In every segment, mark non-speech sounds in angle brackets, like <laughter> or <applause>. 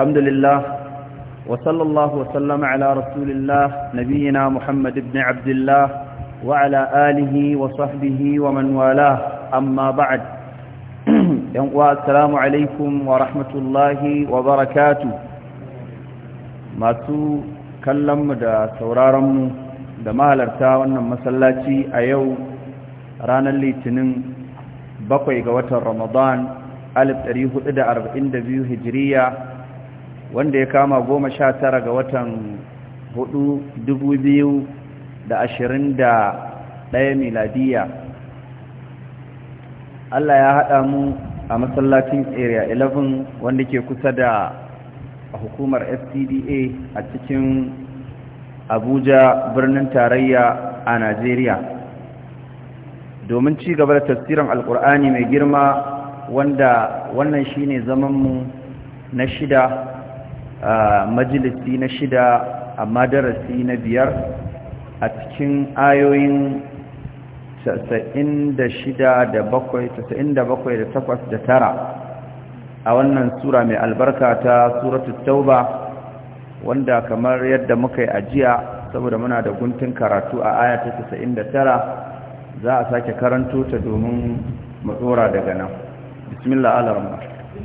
الحمد لله وصلى الله وسلم على رسول الله نبينا محمد بن عبد الله وعلى آله وصحبه ومن والاه أما بعد السلام عليكم ورحمة الله وبركاته ما سو كلم دا سورارم da mahalarta wannan masallaci a yau ranar litinin bakwai ga watan ramadan 1442 hijiriya wanda ya kama goma sha tara ga watan hudu dubu biyu da ashirin da ɗaya miladiya Allah ya haɗa mu a masallacin area 11 wanda ke kusa da hukumar fcda a cikin abuja birnin tarayya a najeriya domin ci gaba da tasirin alkur'ani mai girma wanda wannan shine zamanmu na shida majalisi na shida a madarasi na biyar a cikin ayoyin 96 da 7 da 8 da tara a wannan sura mai albarka ta suratul tauba wanda kamar yadda muka yi ajiya saboda muna da guntun karatu a ayata 99 za a sake karanto ta domin matsora daga nan bismillah alarma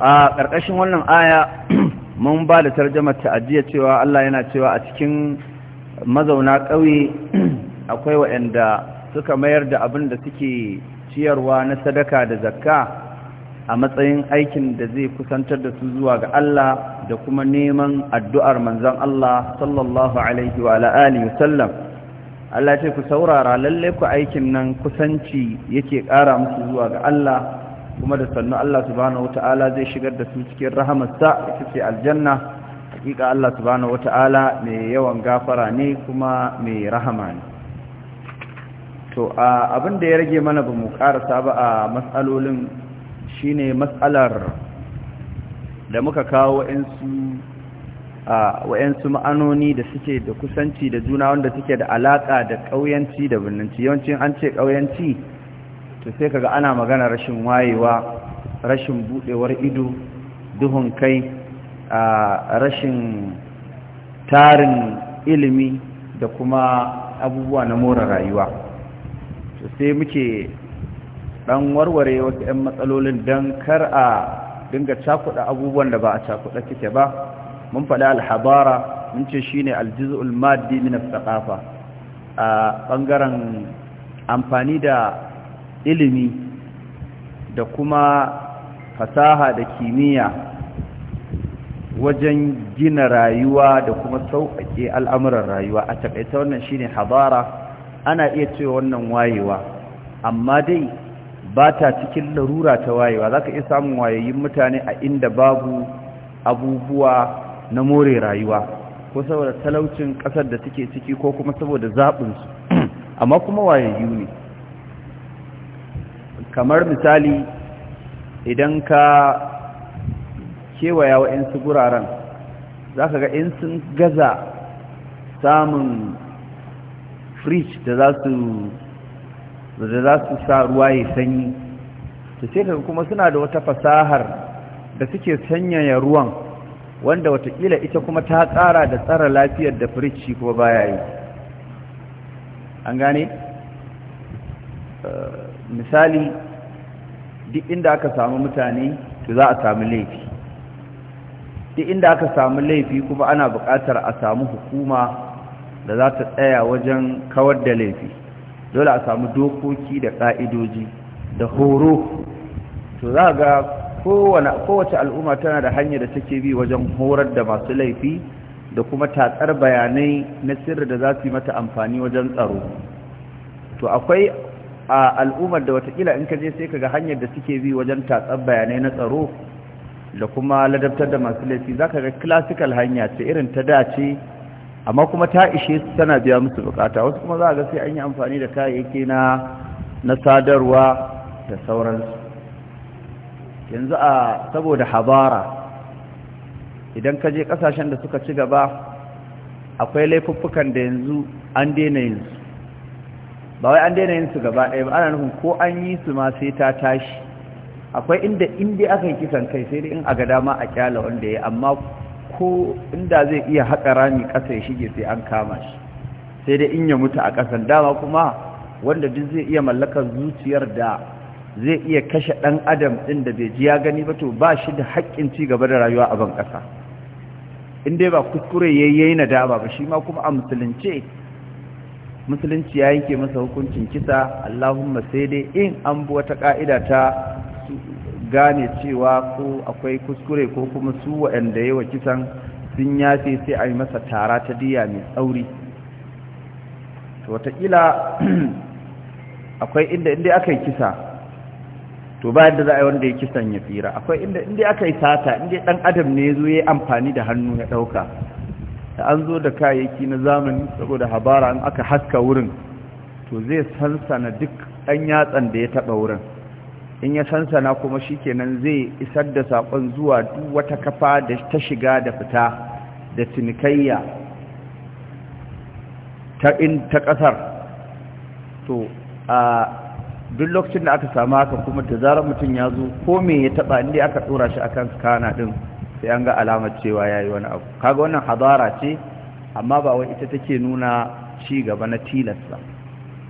a ƙarƙashin wannan aya <clears throat> mun ba da tarjamar ta'ajiya cewa Allah yana cewa a cikin mazauna ƙauye <clears throat> akwai waɗanda suka mayar da abin da suke ciyarwa na sadaka da zakka a matsayin aikin da zai kusantar da su zuwa ga Allah da kuma neman addu'ar manzan Allah sallallahu alaihi wa sallam Allah ce ku saurara lallai ku aikin nan kusanci yake ƙara musu zuwa ga Allah kuma da sannu Allah subhanahu wata'ala zai shigar da su cikin rahamarsa ita ce aljanna hakika Allah subhanahu wata'ala mai yawan gafara ne kuma mai rahama ne to abin da ya rage mana ba mu karasa ba a matsalolin shine matsalar da muka kawo wa'ansu wa'yansu ma'anoni da suke da kusanci da juna wanda suke da alaƙa da ƙauyanci da birninci yawancin an ce ƙauyanci to sai kaga ana magana rashin wayewa rashin budewar ido duhun kai a rashin tarin ilimi da kuma abubuwa na more rayuwa to sai muke dan warware wasu ɗan matsalolin don kar a dinga cakuɗa abubuwan da ba a cakuɗa kike ba mun faɗi alhabara mun ce shine aljiz'ul maddi min as a bangaren amfani da ilimi da kuma fasaha da kimiyya wajen gina rayuwa da kuma sauƙaƙe al'amuran rayuwa a taƙaita wannan shi ne habara ana iya cewa wannan wayewa amma dai ba ta cikin larura ta wayewa za ka iya samun wayayyun mutane a inda babu abubuwa na more rayuwa ko saboda talaucin ƙasar da suke ciki ko kuma saboda zaɓinsu amma kuma wayayyu ne kamar misali idan ka kewaya 'yansu guraren za ka ga in sun gaza samun fridge da za su sa ruwa ya sanyi su sai ka kuma suna da wata fasahar da suke sanyaya ruwan wanda watakila ita kuma ta tsara da tsara lafiyar da firici kuma baya yi an gane eh, misali duk inda aka samu mutane to za a samu laifi duk inda aka samu laifi kuma ana buƙatar a samu hukuma da za ta tsaya wajen kawar da laifi dole a samu dokoki da ƙa'idoji da horo to za ga kowace al'umma tana da hanyar da take bi wajen horar da masu laifi da kuma tatsar bayanai na sirri da za su yi mata amfani wajen tsaro to akwai a al'ummar da watakila in ka je sai ka ga hanyar da suke bi wajen tatsar bayanai na tsaro da kuma ladabtar da masu laifi za ka ga classical hanya ce irin ta dace amma kuma ta ishe su tana biya musu bukata wasu kuma za a ga sai an yi amfani da kayayyaki na na sadarwa da sauransu yanzu a saboda habara idan ka je kasashen da suka ci gaba akwai laifuffukan da yanzu an daina yanzu ba wai an daina yin su gaba ɗaya ba ana nufin ko an yi su ma sai ta tashi akwai inda inda aka yi kisan kai sai dai in a ga dama a kyala wanda ya amma ko inda zai iya haƙa rami ƙasa ya shige sai an kama shi sai dai in ya mutu a ƙasan dama kuma wanda duk zai iya mallakar zuciyar da zai iya kashe ɗan adam ɗin da bai ji ya gani ba to ba shi da haƙƙin ci gaba da rayuwa a ban ƙasa in dai ba kuskure ya yi dama ba shi ma kuma a musulunce musulunci ya yanke masa hukuncin kisa allahumma sai dai in an bi wata ka'ida ta gane cewa ko akwai kuskure ko kuma su waɗanda yawa kisan sun yafe sai a yi masa tara ta diya mai tsauri to watakila <clears throat> akwai inda inda aka yi kisa to bayan da za a yi wanda ya kisan ya tsira akwai inda inda aka yi sata inda ɗan adam ne ya zo ya amfani da hannu ya ɗauka da an zo da kayayyaki na zamani saboda habara an aka haska wurin to zai sansana duk ɗan yatsan da ya taɓa wurin in ya sansana kuma shi shikenan zai isar da saƙon zuwa duk wata kafa da ta shiga da fita da cinikayya ta in ta ƙasar to a duk lokacin da aka samu haka kuma da zarar mutum ya zo ko me ya taɓa inda aka ɗora shi akan skana ɗin sai an ga alamar cewa ya yi wani abu kaga wannan hadara ce amma ba wai ita take nuna ci gaba na tilasta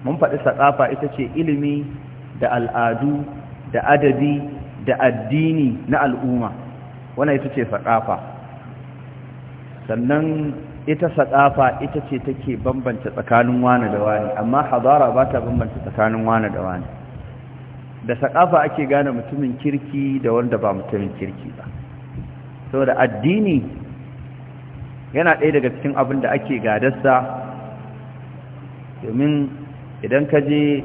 mun faɗi saƙafa ita ce ilimi da al'adu da adadi da addini na al'umma wannan ita ce saƙafa sannan ita saƙafa ita ce take bambanta tsakanin wani da wani amma hadara ba ta bambanta tsakanin wani da wani da saƙafa ake gane mutumin kirki da wanda ba mutumin kirki ba saboda addini yana ɗaya daga cikin abin da ake gadarsa domin idan ka je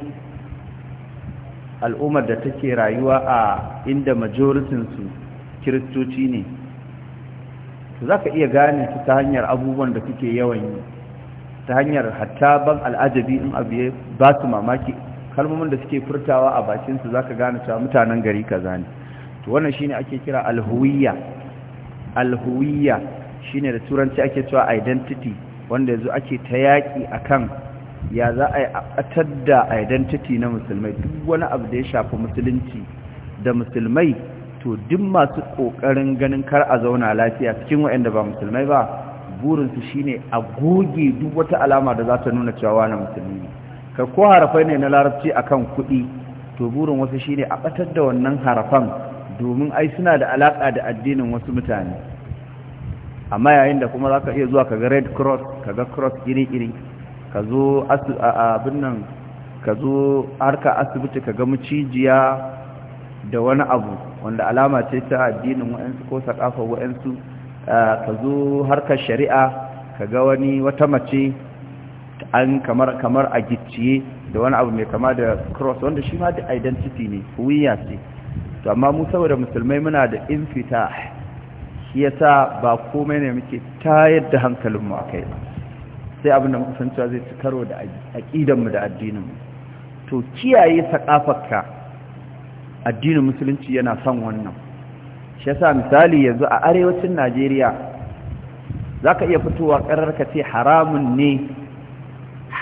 al'ummar da take rayuwa a inda majoritinsu kiristoci ne to za ka iya gane su ta hanyar abubuwan da suke yawan yi ta hanyar hatta ban al'ajabi in abu ya ba su mamaki kalmomin da suke furtawa a bakinsu za ka gane cewa mutanen gari ka zane. to wannan shine ake kira alhuwiya alhuwiya ne da turanci ake cewa identity wanda yanzu ake ta yaƙi kan ya za a yi atar da identity na musulmai duk wani abu da ya shafi musulunci da musulmai to duk masu ƙoƙarin ganin kar a zauna lafiya cikin waɗanda ba musulmai ba burinsu shi ne a goge duk wata alama da za ta nuna cewa na musulmi ka ko harafai ne na larabci a kan kuɗi to burin wasu shi ne a ɓatar da wannan harafan domin ai suna da alaƙa da addinin wasu mutane amma yayin da kuma za ka iya zuwa kaga red cross kaga cross iri-iri ka zo abin nan ka zo harka asibiti kaga mucijiya da wani abu wanda alama ce ta addinin wa'ansu ko sakafa wa'ansu ka zo harkar shari'a kaga wani wata mace an kamar kamar a gicciye da wani abu mai kama da cross wanda shi ma da identity ne huwiya ce to amma mu saboda musulmai muna da infitah shi yasa ba komai ne muke tayar da hankalinmu a kai ba sai abin da muka san cewa zai ci karo da aƙidanmu da addininmu to kiyaye saƙafarka addinin musulunci yana son wannan shi yasa misali yanzu a arewacin najeriya za ka iya fitowa ƙarar ka ce haramun ne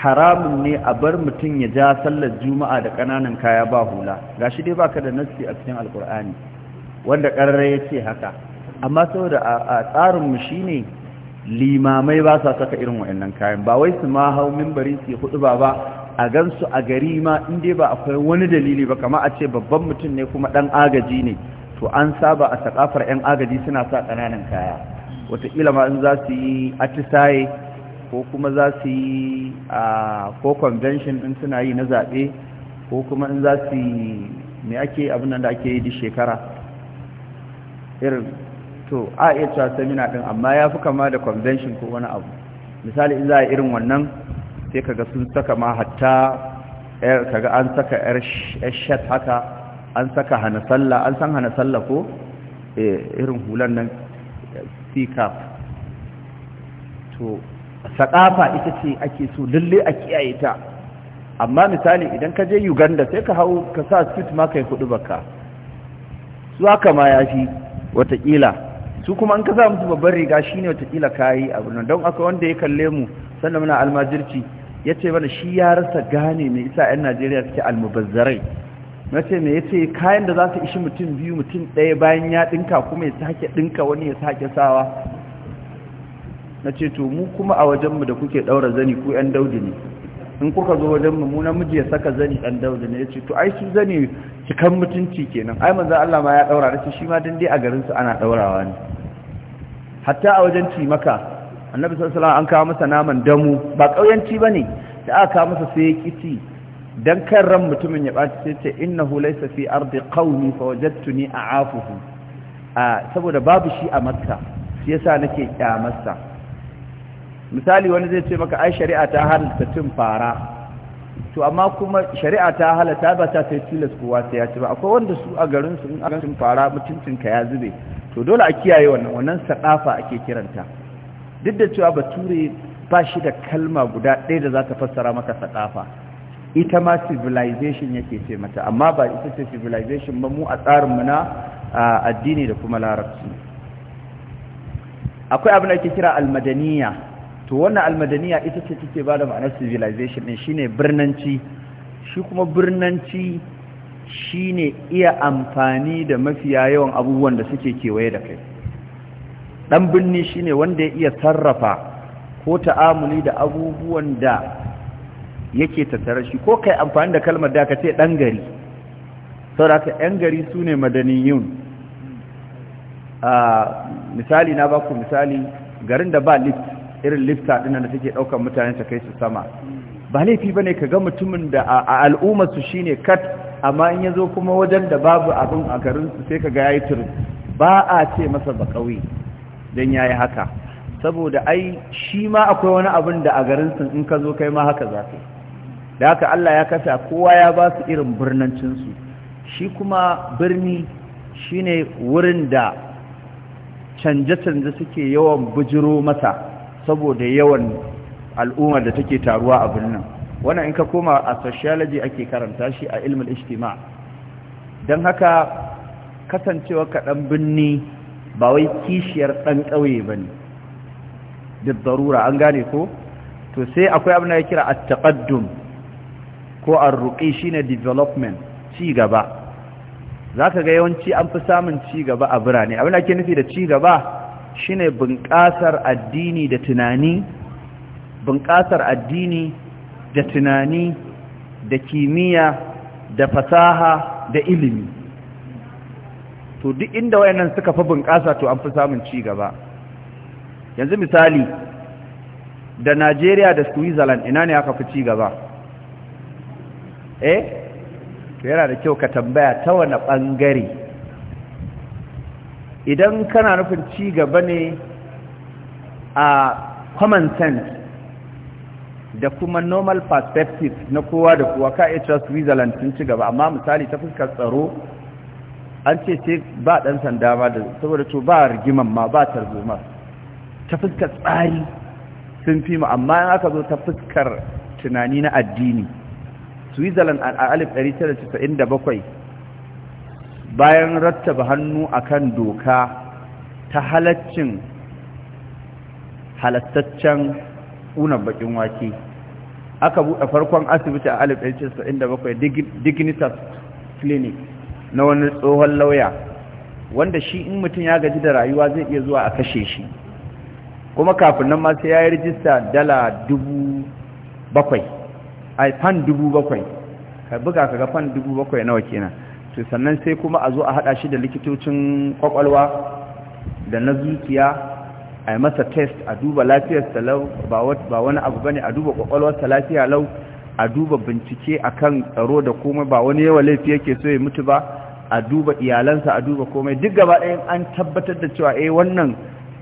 haramun ne a bar mutum ya ja sallar juma'a da ƙananan kaya ba hula ga shi dai ba ka da nassi a cikin alƙur'ani wanda ƙararra ya ce haka amma saboda a tsarinmu shi ne limamai ba sa saka irin wa'annan kayan ba wai su ma hau mimbari su hudu ba ba a gansu a gari ma inda ba akwai wani dalili ba kama a ce babban mutum ne kuma dan agaji ne to an saba a sakafar 'yan agaji suna sa kananan kaya wataƙila ma in za su yi atisaye ko kuma za su yi a ko convention in suna yi na zaɓe ko kuma in za su yi me ake abin da ake yi duk shekara irin to a iya cewa semina din amma ya fi kama da convention ko wani abu misali in za a irin wannan sai kaga sun saka ma hatta kaga an saka yar shat haka an saka hana sallah an san hana sallah ko eh, irin hulan nan sikaf to sakafa ita ce ake so lalle a kiyaye ta amma misali idan ka je uganda sai ka hau ka sa suit ma kai kudu baka su haka ma ya fi watakila su kuma an kasa musu babban riga shi ne watakila kayi a birnin. don aka wanda ya kalle mu sannan muna almajirci ya ce bana shi ya rasa gane mai isa 'yan najeriya suke almubazzarai na ce mai ya ce kayan da za su ishi mutum biyu mutum ɗaya bayan ya ɗinka kuma ya sake ɗinka wani ya sake sawa na ce to mu kuma a wajenmu da kuke ɗaura zani ku 'yan daudi ne in kuka zo wajenmu mu namiji ya saka zani ɗan daudi ne ya ce to ai su zani cikan mutunci kenan ai manzan Allah ma ya ɗaura da shi ma dan dai a garinsu ana ɗaurawa ne hatta a wajen cimaka annabi sallallahu alaihi an kawo masa naman damu ba kauyanci ne, da aka kawo masa sai ya dan kan ran mutumin ya baci sai ce innahu laysa fi ardi fa fawajadtuni a'afuhu a saboda babu shi a makka shi yasa nake kyamarsa misali wani zai ce maka ai shari'a ta halatta tun fara to amma kuma shari'a ta halatta ba ta sai tilas kowa sai ya ci ba akwai wanda su a garin su in a garin fara mutuncin ka ya zube to dole a kiyaye wannan wannan sadafa ake kiranta duk da cewa bature ba shi da kalma guda ɗaya da za ta fassara maka sadafa ita ma civilization yake ce mata amma ba ita ce civilization ba mu a tsarinmu na addini da kuma larabci akwai abin da ake kira almadaniya to wannan almadaniya ita ce take ba da ma'anar civilization din shine birnanci shi kuma birnanci shine iya amfani da mafiya yawan abubuwan da suke kewaye da kai dan binni shine wanda ya iya sarrafa ko ta'amuli da abubuwan da yake tattare shi ko kai amfani da kalmar da ka ce dan gari saboda aka yan gari sune madaniyun a misali na baku misali garin da ba lift irin lifta dinnan da take ɗaukar mutane ta kai su sama ba laifi ne ka ga mutumin da a al'ummar su shine kat amma in ya zo kuma wajen da babu abin a garinsu sai ka ga ya yi turu ba a ce masa bakawi don ya yi haka saboda ai shi ma akwai wani abin da a garinsu in ka zo kai ma haka za ka da haka Allah ya kasa kowa ya ba su irin birnancinsu shi kuma birni shine wurin da canje-canje suke yawan bujiro masa saboda yawan al'ummar da take taruwa a birnin wannan in ka koma a sociology ake karanta shi a ilmin ijtima don haka kasancewa kaɗan binni ba wai kishiyar ɗan ƙauye ba ne duk an gane ko to sai akwai abin da ya kira attaqaddum ko shi shine development ci gaba zaka ga yawanci an fi samun ci gaba a birane abin da ke nufi da ci gaba shine bunƙasar addini da tunani bunƙasar addini da tunani da kimiyya da fasaha da ilimi to duk inda wayannan suka fi bunƙasa to an fi samun ci gaba yanzu misali da Najeriya da Switzerland ina ne aka fi ci gaba eh to yana da kyau ka tambaya ta wani bangare idan kana nufin ci gaba ne a common sense da kuma normal perspective na kowa da kowa ka iya cewa switzerland sun ci gaba amma misali ta fuskar tsaro an ce sai ba ɗan sanda ma da saboda to ba rigiman ma ba tarzoma ta fuskar tsari sun fi mu amma in aka zo ta fuskar tunani na addini switzerland a 1997 bayan rattaba hannu akan doka ta halaccin halattaccen unan bakin wake aka buɗe farkon asibiti a 1977 dignitas clinic na wani tsohon lauya wanda shi in mutum ya gaji da rayuwa zai iya zuwa a kashe shi kuma kafin nan ma sai ya yi rijista dala dubu bakwai a fan dubu bakwai ka buga ka ga fan dubu bakwai nawa kenan to sannan sai kuma a zo a haɗa shi da likitocin kwakwalwa da na zuciya a yi masa test a duba lafiyarsa lau ba wani abu bane a duba kwakwalwarsa lafiya lau a duba bincike a kan tsaro da komai ba wani yawa laifi yake so ya mutu ba a duba iyalansa a duba komai duk gaba ɗaya an tabbatar da cewa eh wannan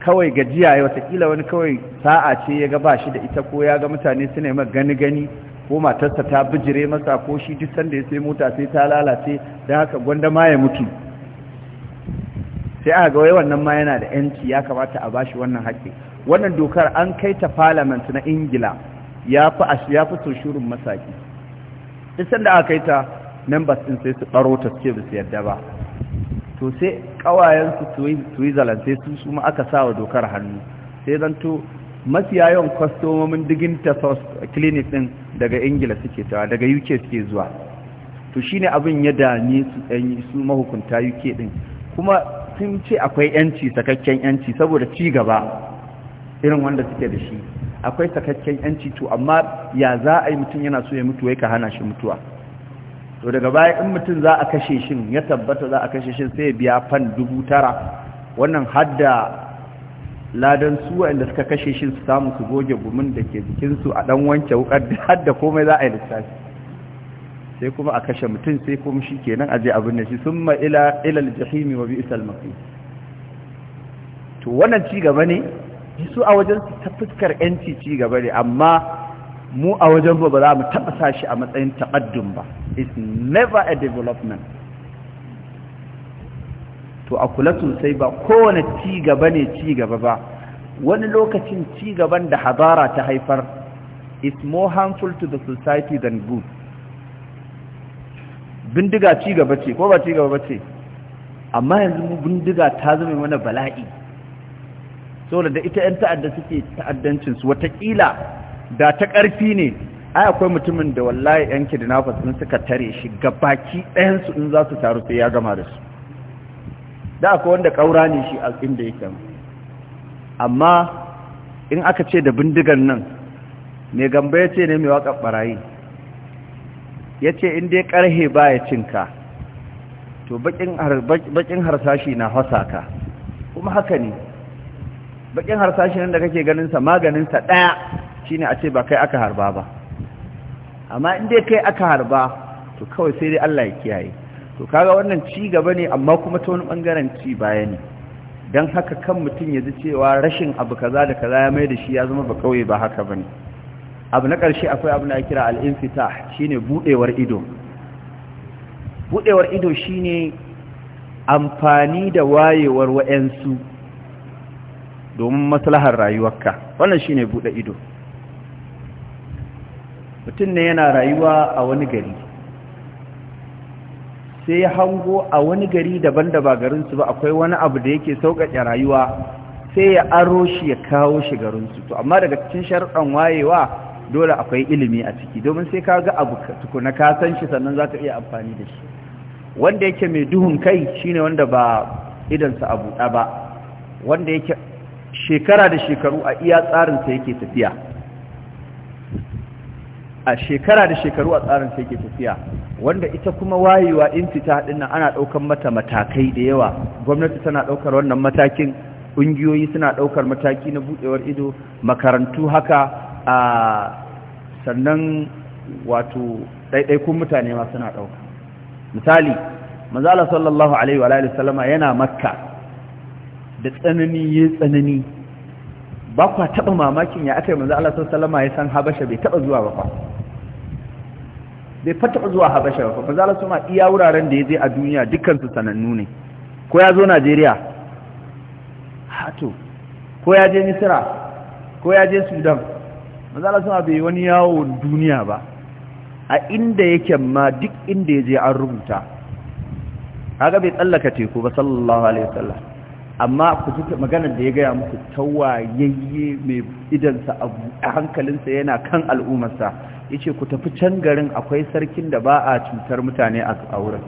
kawai gajiya ya watakila wani kawai sa'a ce ya ga bashi da ita ko ya ga mutane suna yi gani gani ko matarsa ta bijire masa ko shi duk sanda ya sai mota sai ta lalace don haka gwanda ma ya mutu sai aka ga wai wannan ma yana da yanci ya kamata a bashi wannan haƙƙi wannan dokar an kai ta parliament na ingila ya fi ya fi tushurin masaki isan da aka kai ta members din sai su baro ta ce ba su yarda ba to sai kawayen su switzerland sai su su aka sa wa dokar hannu sai to mafiya yawan kwastomomin digin ta clinic din daga ingila suke tawa daga uk suke zuwa to shine abin ya dame su ɗanyi su mahukunta uk din kuma sun ce akwai yanci sakakken yanci saboda ci gaba irin wanda suke da shi akwai sakakken yanci to amma ya za a yi mutum yana so ya mutu wai ka hana shi mutuwa to daga baya in mutum za a kashe shi ya tabbata za a kashe shi sai ya biya fan dubu tara wannan hadda ladan su waɗanda suka kashe shi su samu su goge gumin da ke jikinsu a dan wanke wukar da hadda komai za a yi lissafi sai kuma a kashe mutum sai kuma shi kenan aje abin da shi sun ila ilal jahimi wa bi'sal maqi to wannan ci gaba ne su a wajen ta fuskar yanci ci gaba ne amma mu a wajen ba za mu taɓa sa shi a matsayin taqaddum ba it's never a development to a kula sosai ba kowane ci gaba ne ci gaba ba wani lokacin ci gaban da hazara ta haifar is more harmful to the society than good bindiga ci gaba ce ko ba ci gaba ba ce amma yanzu mu bindiga ta zama mana bala'i saboda da ita 'yan ta'adda suke ta'addancinsu watakila da ta ƙarfi ne ai akwai mutumin da wallahi 'yan kidnappers sun suka tare shi gabaki ɗayansu in za su taru sai ya gama da su da akwai wanda ƙaura ne shi a inda yake amma in aka ce da bindigan nan mai gamba ya ce ne mai waka ɓarayi ya ce in dai ƙarhe ba ya cinka to baƙin harsashi na hasa ka kuma haka ne baƙin harsashi nan da kake ganinsa maganinsa ɗaya shi ne a ce ba kai aka harba ba amma in dai kai aka harba to kawai sai dai Allah ya kiyaye to kaga wannan ci gaba ne amma kuma ta wani ɓangaren ci baya ne don haka kan mutum ya cewa rashin abu kaza da kaza ya mai da shi ya zama ba kawai ba haka bane abu na ƙarshe akwai abu na kira al'infita shi ne buɗewar ido buɗewar ido shi ne amfani da wayewar wa'yansu domin maslahar rayuwarka wannan shi ne buɗe ido mutum ne yana rayuwa a wani gari sai ya hango a wani gari daban da ba garinsu ba akwai wani abu da yake sauƙaƙe rayuwa sai ya aro shi ya kawo shi garinsu to amma daga cikin sharɗan wayewa dole akwai ilimi a ciki domin sai ka ga abu tukuna ka san shi sannan za ka iya amfani da shi wanda yake mai duhun kai shine wanda ba idansa abu ɗa ba wanda yake shekara da shekaru a iya tsarinsa yake tafiya a shekara da shekaru a tsarinsa yake tafiya wanda ita kuma wayewa in fita ɗin nan ana ɗaukar mata matakai da yawa gwamnati tana ɗaukar wannan matakin ƙungiyoyi suna ɗaukar mataki na buɗewar ido makarantu haka a sannan wato ɗaiɗaikun mutane ma suna ɗauka misali manzala sallallahu alaihi wa alaihi salama yana makka da tsanani ya tsanani ba kwa taɓa mamakin ya aka yi manzala salama ya san habasha bai taɓa zuwa ba kwa bai fataɓa zuwa habasha ba za manzala suna iya wuraren da ya je a duniya dukansu sanannu ne ko ya zo najeriya hato ko ya je misira ko ya je sudan manzo Allah sama bai wani yawon duniya ba a inda yake ma duk inda yaje an rubuta kaga bai tsallaka teku ba sallallahu alaihi wasallam amma ku ji maganar da ya gaya muku tawayayye mai idansa a hankalinsa yana kan al'ummarsa yace ku tafi can garin akwai sarkin da ba a cutar mutane a wurin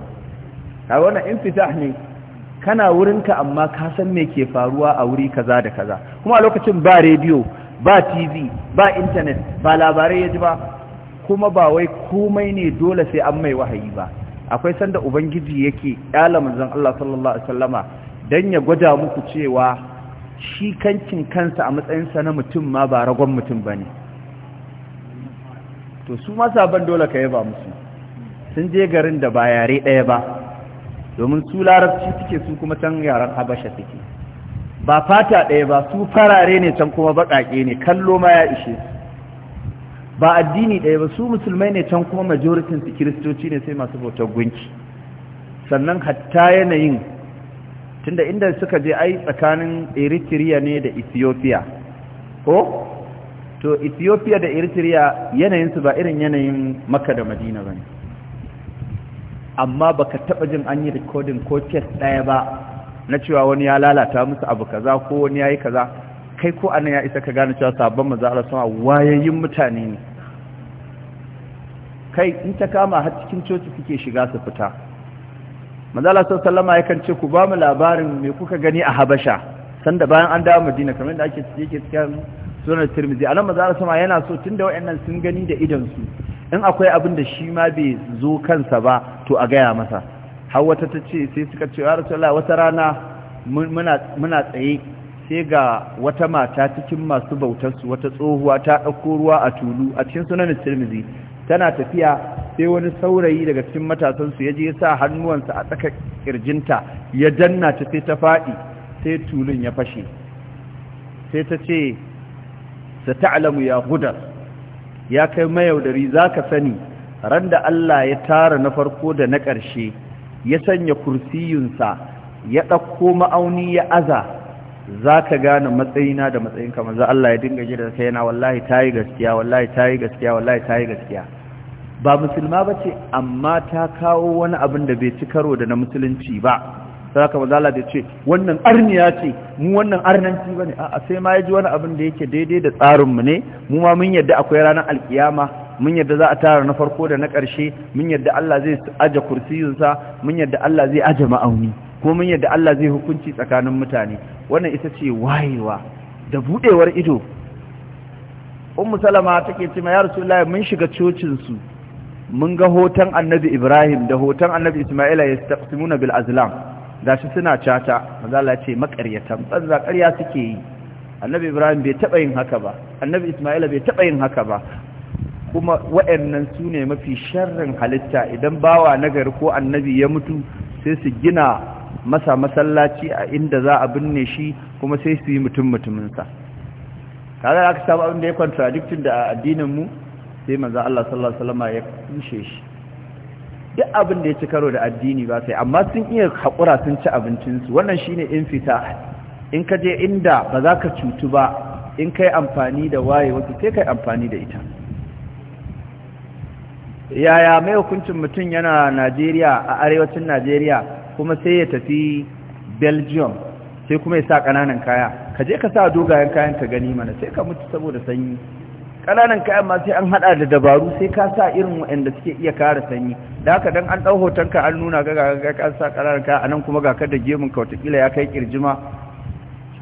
kaga wannan infitah ne kana wurinka amma ka san me ke faruwa a wuri kaza da kaza kuma a lokacin ba rediyo ba tv ba intanet ba labarai ya ji ba kuma ba wai komai ne dole sai an mai wahayi ba akwai sanda ubangiji yake ƙyala manzon Allah sallallahu alaihi wasallama dan ya gwada muku cewa shi kancin kansa a matsayinsa na mutum ma ba ragon mutum ba ne. to su ma sabon dole ka yaba musu sun je garin da ba yare ɗaya ba domin su larabci suke su kuma can yaren habasha suke ba fata ɗaya ba su farare ne can kuma baƙaƙe ne kallo ma ya ishe ba addini ɗaya ba su musulmai ne can kuma majoritin su kiristoci ne sai masu bautar gunki sannan hatta yanayin tunda inda suka je ai tsakanin eritrea ne da ethiopia ko to ethiopia da eritrea yanayinsu ba irin yanayin maka da madina ba ne amma baka taba jin an yi rikodin ko kes ɗaya ba na cewa wani ya lalata musu abu kaza ko wani yayi kaza kai ko anan ya isa ka gane cewa sabon manzo Allah sama wayayin mutane ne kai in ta kama har cikin coci suke shiga su fita manzo Allah sallama yakan ce ku ba mu labarin me kuka gani a Habasha sanda bayan an dawo Madina kamar da ake yake cikin sunan Tirmidhi anan manzo Allah sama yana so tunda wayannan sun gani da idan su in akwai abin da shi ma bai zo kansa ba to a gaya masa har wata ta ce sai suka ce ya rasulallah wata rana muna tsaye sai ga wata mata cikin masu bautarsu wata tsohuwa ta ɗauko ruwa a tulu a cikin sunan tirmizi tana tafiya sai wani saurayi daga cikin matasansu ya je ya sa hannuwansa a tsakar kirjinta ya danna ta sai ta faɗi sai tulun ya fashe sai ta ce sa ta'alamu ya gudar ya kai mayaudari za ka sani randa Allah ya tara na farko da na ƙarshe ya sanya kursiyunsa ya ɗauko ma'auni ya aza za ka gane matsayina da matsayin kamar za Allah ya dinga jira sai yana wallahi ta yi gaskiya wallahi ta yi gaskiya wallahi ta yi gaskiya ba musulma ba ce amma ta kawo wani abin da bai ci karo da na musulunci ba saka mazala da ce wannan arniya ce mu wannan arnanci bane a sai ma yaji wani abin da yake daidai da tsarin mu ne mu ma mun yadda akwai ranar alkiyama mun yadda za a tara na farko da na karshe mun yadda Allah zai aje sa mun yadda Allah zai aje ma'auni ko mun yadda Allah zai hukunci tsakanin mutane wannan ita ce wayewa da budewar ido ummu salama take ce ma ya rasulullahi mun shiga cocin su mun ga hoton annabi ibrahim da hoton annabi isma'ila yastaqsimuna bil azlam dashi suna cata manzo Allah ya ce makaryatan banza ƙarya suke yi annabi ibrahim bai taɓa yin haka ba annabi isma'ila bai taba yin haka ba kuma waɗannan su ne mafi sharrin halitta idan bawa nagari ko annabi ya mutu sai su gina masa masallaci a inda za a binne shi kuma sai su yi mutum mutuminsa kaga aka samu abin da ya contradicting da addinin mu sai manzo Allah sallallahu alaihi wasallam ya kushe shi duk abin da ya ci karo da addini ba sai amma sun iya haƙura sun ci abincinsu wannan shine in fita in ka je inda ba za ka cutu ba in kai amfani da waye wasu sai kai amfani da ita yaya mai hukuncin mutum yana najeriya a arewacin najeriya kuma sai ya tafi belgium sai kuma ya sa ƙananan kaya ka je ka sa dogayen kayan ka gani mana sai ka mutu saboda sanyi ƙananan kayan ma sai an haɗa da dabaru sai ka sa irin waɗanda suke iya kare sanyi da haka dan an ɗau hotonka an nuna ga ga ka sa ƙananan a anan kuma ga kada gemun ka watakila ya kai ƙirjima.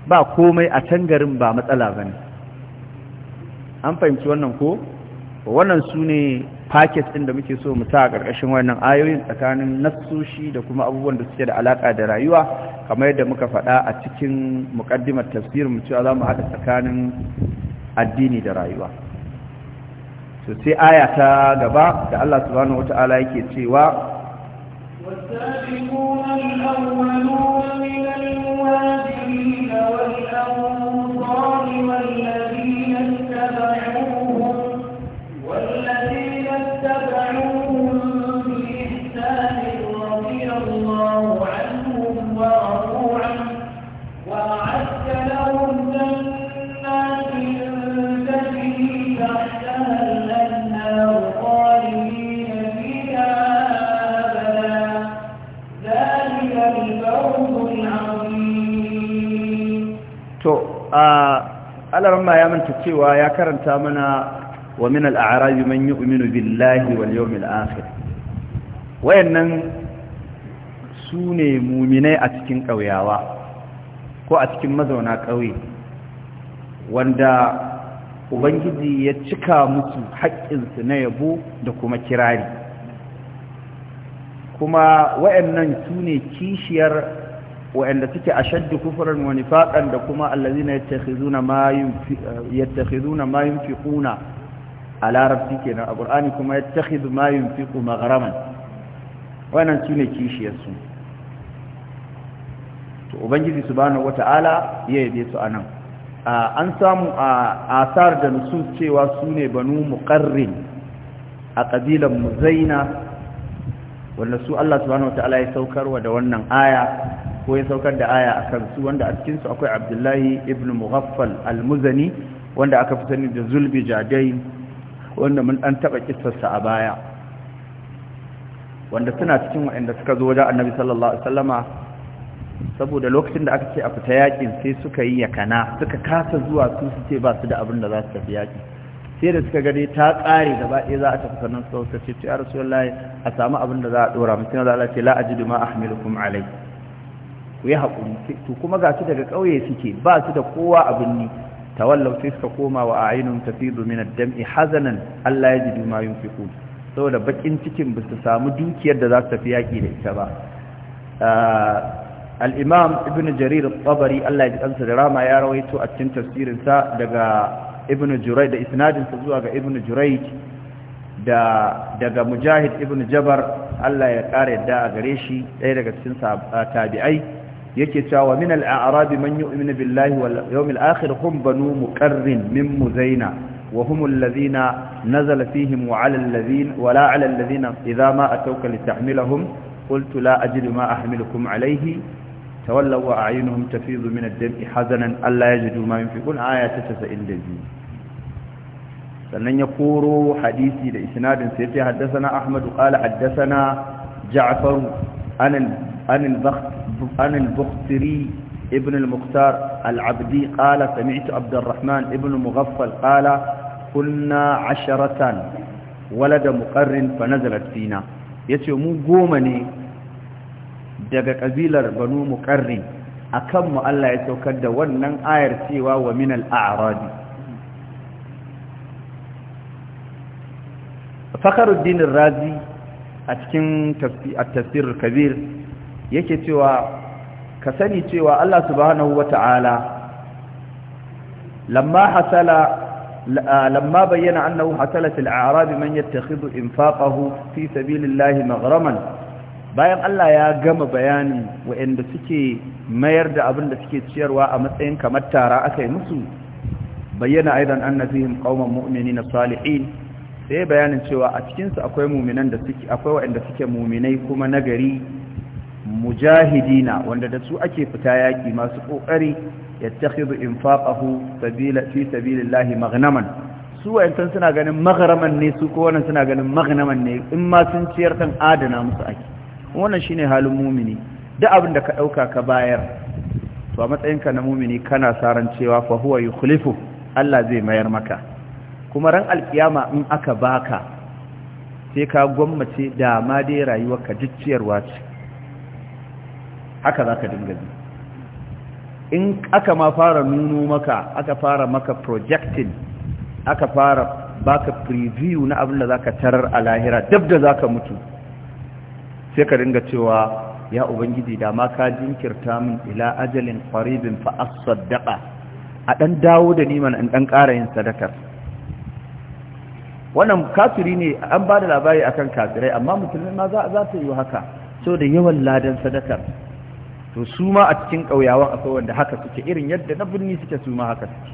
ba komai a can garin ba matsala ba ne. an fahimci wannan ko wannan su ne paket ɗin da muke so mu sa a ƙarƙashin wannan ayoyin tsakanin nasoshi da kuma abubuwan da suke da alaƙa da rayuwa kamar yadda muka faɗa a cikin muƙaddimar tafsirin mu cewa za mu haɗa tsakanin addini da rayuwa sai aya ta gaba da Allah subhanahu wata'ala yake cewa والذين alaran ma ya manta cewa ya karanta mana wa min al'arabi man yu'minu billahi wal yawmil akhir wayannan su ne muminai a cikin ƙauyawa ko a cikin mazauna ƙauye wanda ubangiji ya cika musu haƙƙinsu na yabo da kuma kirari kuma wayannan su ne kishiyar wa'anda suke ashaddu kufran wani faɗan da kuma allazina yattakhizuna ma mayun fi yunfiquna a larabci kenan a qur'ani kuma mayun fi yunfiqu maghraman wannan sune kishiyar su to ubangiji subhanahu wata'ala ya yabe su nan. an samu a asar da nusus cewa sune banu muƙarrin a mu Zaina, wanda su Allah subhanahu wata'ala ya saukarwa da wannan aya ko ya saukar da aya a kansu wanda a cikinsu akwai abdullahi ibn mughaffal al-muzani wanda aka fi sani da zulbi jadai wanda mun dan taba kissarsa a baya wanda suna cikin waɗanda suka zo wajen annabi sallallahu alaihi wasallama saboda lokacin da aka ce a fita yakin sai suka yi yakana suka kasa zuwa su su ce ba su da abin da za su tafi yaki sai da suka gade ta tsare gaba ɗaya za a tafi sannan suka ce ya rasulullahi a samu abin da za a dora mutum za a ce la ajidu ma ahmilukum alai ku yi haƙuri to kuma ga su daga ƙauye suke ba su da kowa a ta tawallau sai suka koma wa a'inun tafi domin addam’i dami hazanan Allah ya ji jidu ma yunfiqun saboda baƙin cikin ba su samu dukiyar da za su tafi yaƙi da ita ba ah, al-imam ibnu jarir tsabari Allah ya ji ɗansa da rama ya rawaito a cikin tafsirin daga ibnu jurai da isnadinsa zuwa ga ibnu jurai da daga mujahid ibnu jabar Allah ya ƙara yadda a gare shi ɗaya daga cikin tabi'ai yake cewa min al-a'rab man yu'minu billahi wal yawmil akhir hum banu muqarrin min muzaina wa hum alladhina nazala fihim wa 'ala alladhina wa la 'ala alladhina idha ma atawka litahmilahum qultu la ajidu ma ahmilukum 'alayhi tawallaw wa a'yunuhum tafizu min ad-dam'i hazanan alla yajidu ma yunfiqun ayatu 92 sannan ya koro hadisi da isnadin sai ya haddasa na ahmadu qala haddasa na ja'far an عن البخت عن البختري ابن المختار العبدي قال سمعت عبد الرحمن ابن مغفل قال كنا عشرة ولد مقرن فنزلت فينا yace mu goma ne daga kabilar banu muqarrin akan mu Allah ya saukar da wannan ayar cewa wa min al-a'rad Fakhruddin Razi a cikin tafsir kabir yake cewa ka sani cewa Allah subhanahu wata'ala lamma hasala لما بين أنه حصلت الأعراب من يتخذ إنفاقه في سبيل الله مغرما bayan Allah ya gama bayanin waɗanda suke mayar da abin da suke ciyarwa a matsayin kamar tara aka yi musu bayyana aidan annabihim qauman mu'minina salihin sai bayanin cewa a cikin su akwai mu'minan da suke akwai waɗanda suke mu'minai kuma nagari mujahidina wanda da su ake fita yaki masu kokari yattakhidhu infaqahu sabila fi sabilillahi maghnaman su wayantan suna ganin maghraman ne su ko wannan suna ganin maghnaman ne in ma sun ciyar kan adana musu ake wannan shine halin mumini duk abin da ka dauka ka bayar to a matsayinka na mumini kana saran cewa fa huwa yukhlifu Allah zai mayar maka kuma ran alkiyama in aka baka sai ka gwammace da ma dai rayuwarka jicciyarwa ce haka za ka dinga bi in aka ma fara nuno maka aka fara maka projecting aka fara baka preview na abin da za ka tarar a lahira dab da za ka mutu sai ka dinga cewa ya ubangiji da ma ka jinkirta min ila ajalin qaribin fa asaddaqa a dan dawo da niman an dan ƙara yin sadakar wannan kafiri ne an ba da labari akan kafirai amma musulmi ma za za ta yi haka so da yawan ladan sadakar to su ma a cikin ƙauyawan akwai wanda haka suke irin yadda na birni suke su ma haka suke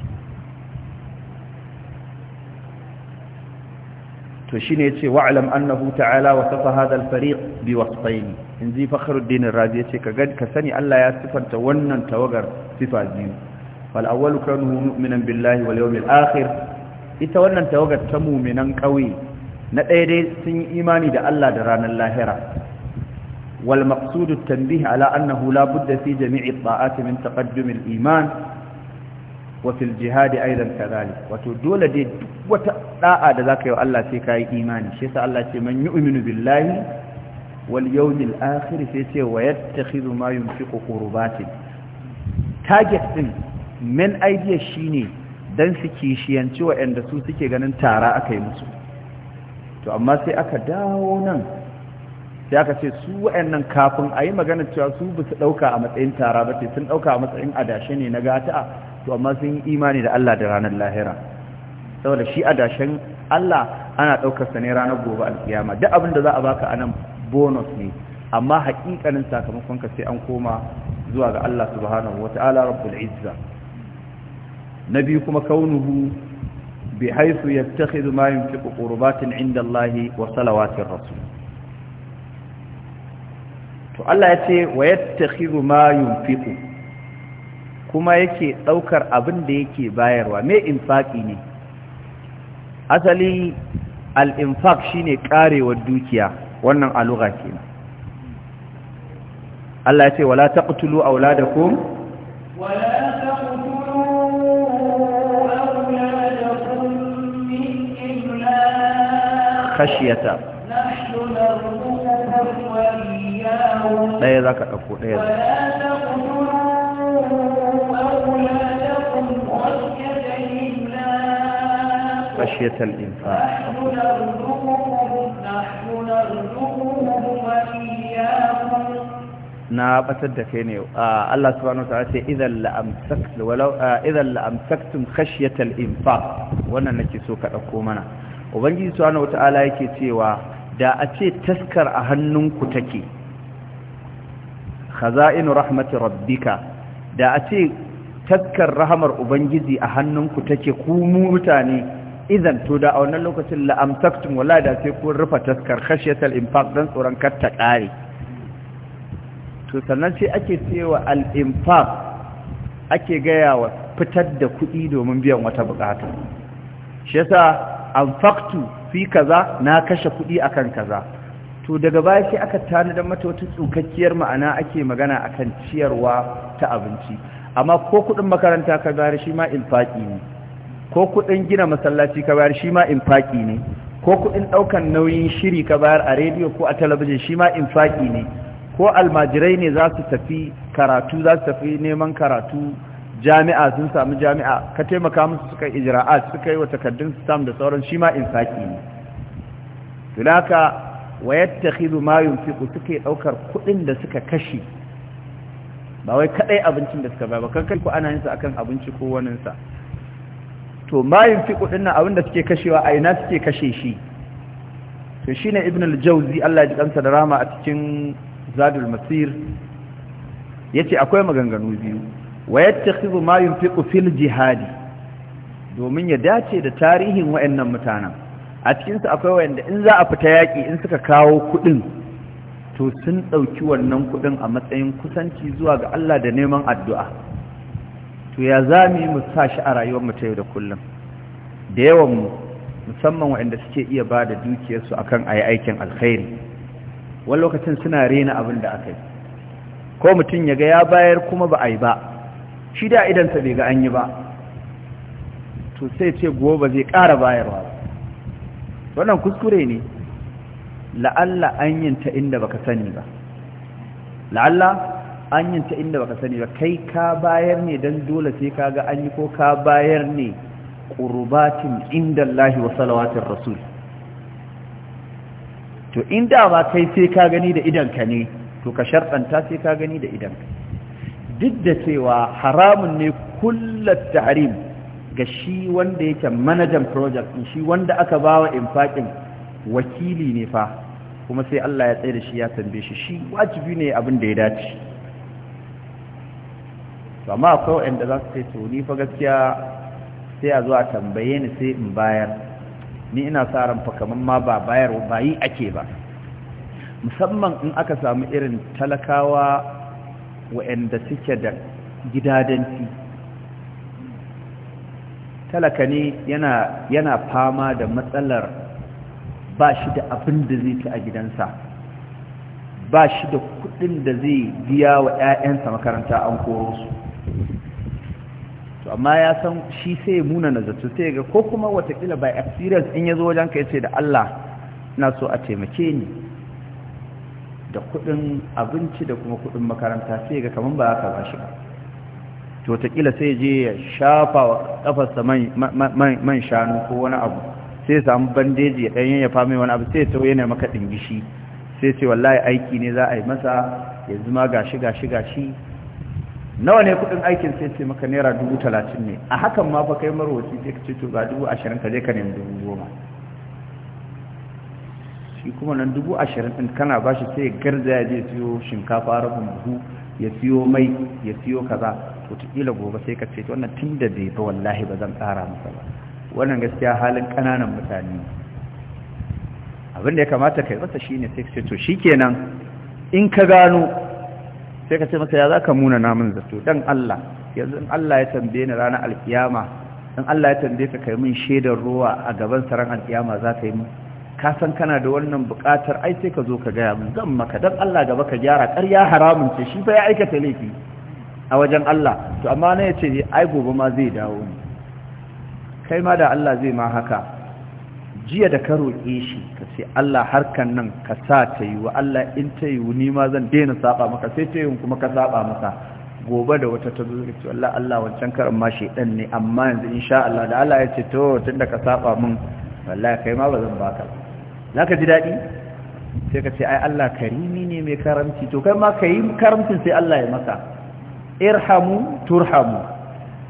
to shine ce wa'lam annahu ta'ala wa safa hadal fariq bi wasfayn inji fakhruddin ar-razi yace kaga ka sani Allah ya sifanta wannan tawagar sifa biyu wal awwalu kanu mu'minan billahi wal yawmil akhir ita wannan tawagar ta mu'minan kauye na dai sun yi imani da Allah da ranar lahira والمقصود التنبيه على أنه لا بد في جميع الطاعات من تقدم الإيمان وفي الجهاد أيضا كذلك وتدول دي وتطاعة ذاك يو الله سيكاي إيماني شيسا الله سي من يؤمن بالله واليوم الآخر سيسي ويتخذ ما ينفق قربات تاجت من أيدي الشيني dan su kishiyanci waɗanda su suke ganin tara aka yi musu to amma sai aka dawo nan sai aka ce su wa'annan kafin a yi maganar cewa su ba su ɗauka a matsayin tara ba sai sun ɗauka a matsayin adashe ne na gata to amma sun yi imani da Allah da ranar lahira saboda shi adashen Allah ana ɗaukar sa ne ranar gobe alkiyama duk abin da za a baka anan bonus ne amma haƙiƙanin sakamakon ka sai an koma zuwa ga Allah subhanahu wata'ala rabbul izza na biyu kuma kaunuhu bi haythu yattakhidhu ma yunfiqu qurbatan inda Allah wa salawatir rasul to Allah ya ce wa yattakhidhu ma yunfiqu kuma yake ɗaukar abin da yake bayarwa me infaqi ne asali al-infaq shine karewar dukiya wannan aluga kenan Allah ya ce wala taqtulu auladakum wala taqtulu auladakum min ɗaya za ka ɗauko ɗaya خشية الإنفاق na batar da kai ne Allah subhanahu wataala ce idan la'amsaktum walau idan la'amsaktum khashyatal infaq wannan nake so ka dauko mana ubangiji subhanahu wataala yake cewa da a ce taskar a hannunku take khaza'inu rahmatir rabbika da a ce takkar rahamar ubangiji a hannunku take ku mutane idan to da a wannan lokacin la'amtaktum wala da sai ku rufa taskar khashyatal infaq dan tsoron kar ta kare to sannan sai ake cewa al infaq ake gaya wa fitar da kuɗi domin biyan wata bukata shi yasa anfaqtu fi kaza na kashe kuɗi akan kaza to daga baya sai aka tanadar mata wata tsukakkiyar ma'ana ake magana akan ciyarwa ta abinci amma ko kuɗin makaranta ka bayar shi ma infaki ne ko kuɗin gina masallaci ka bayar shi ma infaki ne ko kuɗin ɗaukan nauyin shiri ka bayar a rediyo ko a talabijin shi ma infaki ne ko almajirai ne za su tafi karatu za su tafi neman karatu jami'a sun samu jami'a ka taimaka musu suka ijra'a suka yi wa takardun sam da sauran shi ma infaki ne. Tunaka wa yattakhidhu ma yunfiqu suke daukar kudin da suka kashe ba wai kadai abincin da suka ba kankan ku ana yin sa akan abinci ko waninsa. to ma yunfiqu din nan abinda suke kashewa a ina suke kashe shi to shine ibn al-jawzi Allah ya kansa da rama a cikin zadul masir yace akwai maganganu biyu wa yattakhidhu ma yunfiqu fil jihadi domin ya dace da tarihin wayannan mutanen a cikinsu akwai wanda in za a fita yaƙi in suka kawo kuɗin to sun ɗauki wannan kuɗin a matsayin kusanci zuwa ga Allah da neman addu'a to ya za mu yi musashi a rayuwar ta yau da kullum da yawanmu musamman waɗanda suke iya ba da dukiyarsu akan a yi aikin alkhairi wani lokacin suna rena abin da aka yi ko mutum ya ga ya bayar kuma ba a yi ba shi da idansa bai ga an yi ba to sai ce gobe zai ƙara bayarwa ba. wannan kuskure ne la'alla an yinta inda baka sani ba la'alla an yinta inda baka sani ba kai ka bayar ne dan dole sai kaga an yi ko ka bayar ne qurbatin inda Allah wa Salawatin rasul to inda ba kai sai ka gani da ka ne to ka sharɗanta sai ka gani da idanka duk da cewa haramun ne kullat tahrim ga shi wanda yake manajan project shi wanda aka bawa infaƙin wakili ne fa kuma sai Allah ya tsaye da shi ya tambaye shi shi wajibi ne abin da ya dace amma akwai wanda za su sai to ni fa gaskiya sai a zo a tambaye ni sai in bayar ni ina sa ran fa kaman ma ba bayar ba yi ake ba musamman in aka samu irin talakawa wa'anda suke da gidadanci talaka ne yana yana fama da matsalar ba shi da abin da zai ci a gidansa ba shi da kudin da zai biya wa 'ya'yansa makaranta an koro su to amma ya san shi sai muna na zato sai ga ko kuma watakila by experience in ya zo wajen ka ya ce da Allah na so a taimake ni da kudin abinci da kuma kudin makaranta sai ga kaman ba haka ba shi ba to taƙila sai je ya shafa wa kafarsa man shanu ko wani abu sai samu bandeji ya ɗanyen ya fami wani abu sai tauye yana maka ɗingishi sai ce wallahi aiki ne za a yi masa ya zama gashi gashi gashi nawa ne kudin aikin sai ce maka naira dubu talatin ne a hakan ma fa kai marwaci sai ka ce to ga dubu ashirin ka je ka nemi dubu goma shi kuma nan dubu ashirin ɗin kana ba shi sai garza ya je siyo shinkafa rabin buhu ya siyo mai ya siyo kaza wataƙila gobe sai ka ce wannan tun da bai ba wallahi ba zan ƙara masa ba wannan gaskiya halin ƙananan mutane abin da ya kamata kai masa shine sai ka ce to shikenan in ka gano sai ka ce masa ya zaka muna namun zato dan Allah yanzu in Allah ya tambaye ni ranar alkiyama in Allah ya tambaye ka kai min shaidar ruwa a gaban saran alkiyama za ka yi min ka san kana da wannan buƙatar ai sai ka zo ka gaya min zan maka dan Allah gaba ka gyara ƙarya haramun ce shi fa ya aikata laifi a wajen Allah to amma na yace ai gobe ma zai dawo ne kai ma da Allah zai ma haka jiya da ka roƙe shi ka ce Allah harkan nan ka sa ta yi wa Allah in ta yi ni ma zan daina saba maka sai ta yi kuma ka saba maka gobe da wata ta zuwa ce Allah Allah wancan karin ma shedan ne amma yanzu insha Allah da Allah ya ce to tunda ka saba min wallahi kai ma ba zan baka zaka ji dadi sai ka ce ai Allah karimi ne mai karamci to kai ma kai karamcin sai Allah ya maka irhamu turhamu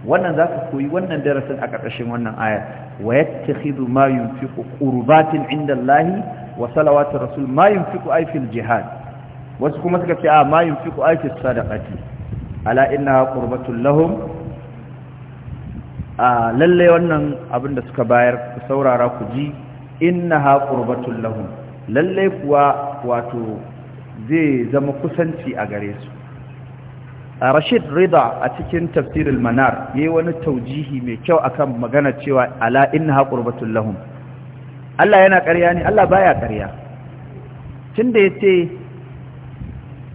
wannan zaka koyi wannan darasin a ƙarƙashin wannan aya wa yattakhidhu ma yunfiqu qurbatin inda Allah wa salawatu rasul ma yunfiqu ay fil jihad wasu kuma suka ce a ma yunfiqu ay fil sadaqati ala inna qurbatul lahum a lalle wannan abin da suka bayar ku saurara ku ji innaha qurbatul lahum lalle kuwa wato zai zama kusanci a gare su rashid rida a cikin tafsirul manar yayi wani taujihi mai kyau akan magana cewa ala inna qurbatul lahum Allah yana ƙarya ne Allah baya ƙarya tunda yace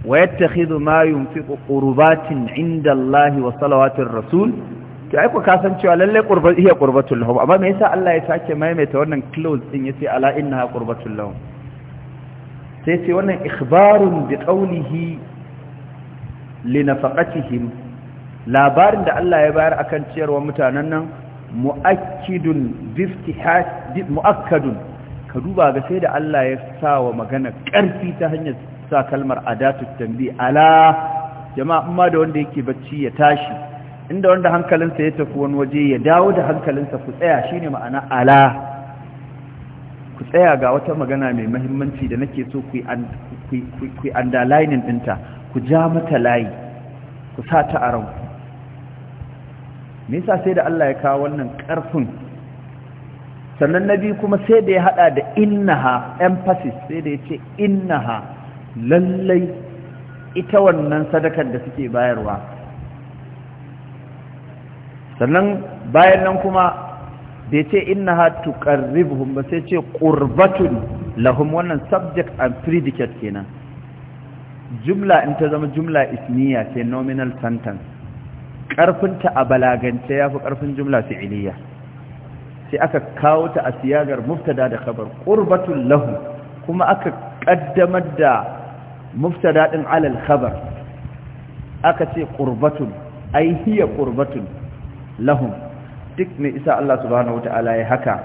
wa yattakhidhu ma yunfiqu qurbatin inda Allah wa salawatir rasul to ai ku kasan cewa lalle qurbat iya qurbatul lahum amma me yasa Allah ya sake maimaita wannan close din yace ala inna qurbatul lahum sai sai wannan ikhbarun bi qawlihi linafaqatihim labarin da Allah ya bayar akan ciyarwa mutanen nan muakkidun biftihat muakkadun ka duba ga sai da Allah ya sa wa magana karfi ta hanyar sa kalmar adatut tambi ala jama'a amma da wanda yake bacci ya tashi inda wanda hankalinsa ya tafi wani waje ya dawo da hankalinsa ku tsaya shine ma'ana ala ku tsaya ga wata magana mai muhimmanci da nake so ku yi underlining ɗinta ku ja mata layi ku sa ta a ranku me yasa sai da Allah ya kawo wannan ƙarfin sannan na biyu kuma sai da ya hada da innaha emphasis sai da ya ce innaha lallai ita wannan sadakar da suke bayarwa sannan bayan nan kuma bai ce innaha tuqarribuhum ba sai ce ƙurbatun lahum wannan subject and predicate kenan jumla in ta zama jumla ismiya sai nominal sentence ƙarfinta a balagance ya fi ƙarfin jumla fi'iliya sai aka kawo ta a siyagar muftada da khabar qurbatul lahu kuma aka kaddamar da muftada din alal khabar aka ce qurbatul ai hiya qurbatul lahum duk mai isa Allah subhanahu wataala ya haka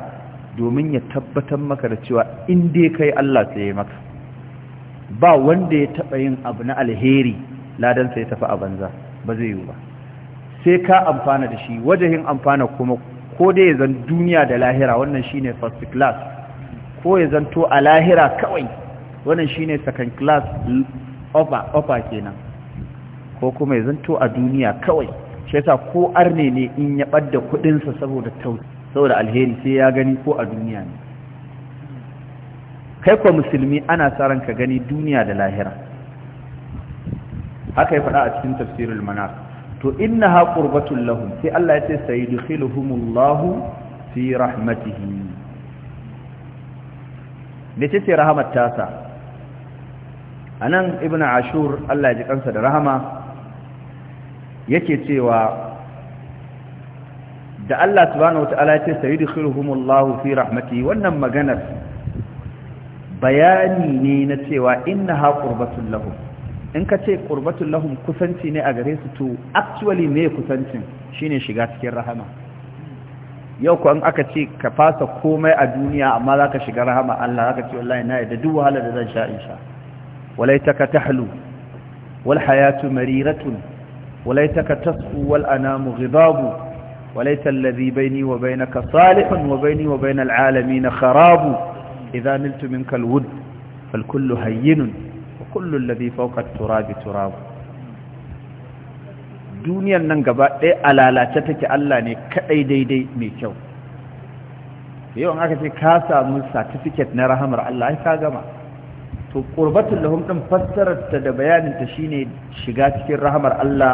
domin ya tabbatar maka da cewa in dai kai Allah sai maka ba wanda ya taɓa yin abu na alheri ladansa ya tafi a banza ba zai yi ba sai ka amfana da shi wajahin amfana kuma ko dai ya zan duniya da lahira wannan shine first class ko ya zanto a lahira kawai wannan shine second class offer offer kenan ko kuma ya zanto a duniya kawai shi yasa ko arne ne in ya bada kudin sa saboda saboda alheri sai ya gani ko a duniya ne kai ko musulmi ana sa ranka gani duniya da lahira haka ya faɗa a cikin tafsirul manar to innaha qurbatul lahum sai Allah ya ce sayudkhiluhumullahu fi rahmatihi me ce sai rahamar tasa anan ibnu ashur Allah ya ji kansa da rahama yake cewa da Allah subhanahu ta'ala ya ce sayudkhiluhumullahu fi rahmatihi wannan maganar bayani ne na cewa innaha qurbatul lahum in ka ce qurbatul lahum kusanci ne a gare su to actually me kusancin shine shiga cikin rahama yau ko an aka ce ka fasa komai a duniya amma zaka shiga rahama Allah aka ce wallahi na yadda duk wahala da zan sha insha walaitaka tahlu wal hayatu mariratun walaitaka tasfu wal anamu ghidabu walaita alladhi bayni wa baynaka salihun wa bayni wa alamin kharabu idza niltu kalwud alwud falkullu hayyinun wa kullu alladhi fawqa turabi turab duniyan nan gaba ɗaya a alalace take Allah ne kadai daidai mai kyau yawan aka ce ka samu certificate na rahamar Allah ai ka gama to qurbatul lahum din da bayanin ta shine shiga cikin rahamar Allah